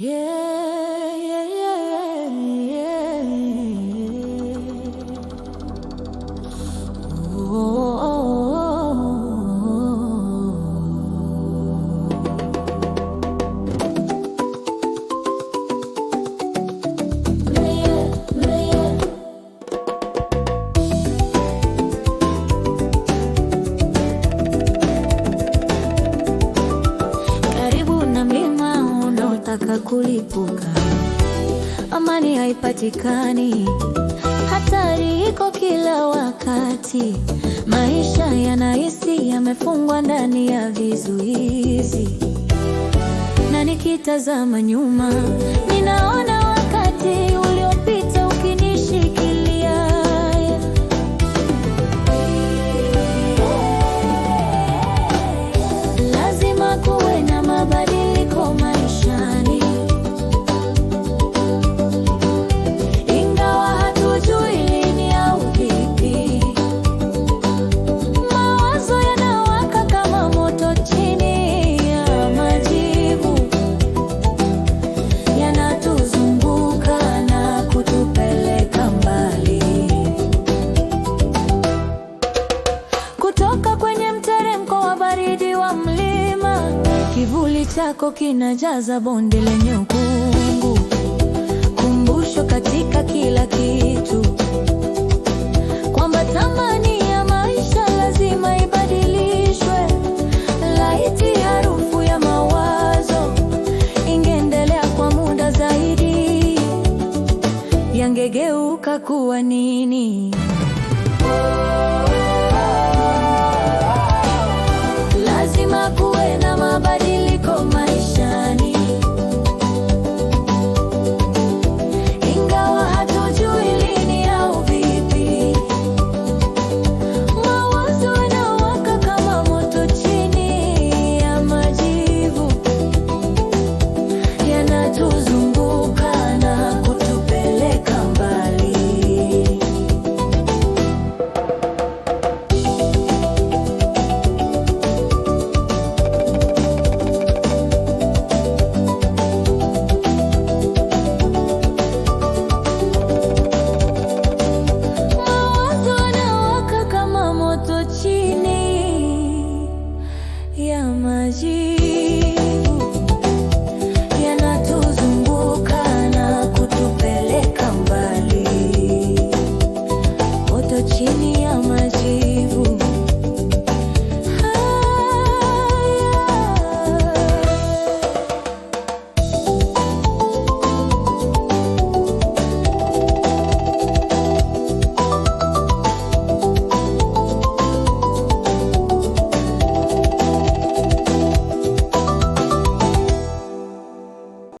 Yeah. kulipuka. Amani haipatikani, hatari iko kila wakati. Maisha yanahisi yamefungwa ndani ya vizuizi, na nikitazama nyuma ninaona wakati uliopita. baridi wa mlima, kivuli chako kinajaza bonde lenye ukungu, kumbusho katika kila kitu kwamba thamani ya maisha lazima ibadilishwe. Laiti harufu ya mawazo ingeendelea kwa muda zaidi, yangegeuka kuwa nini? দেখিনি আমরা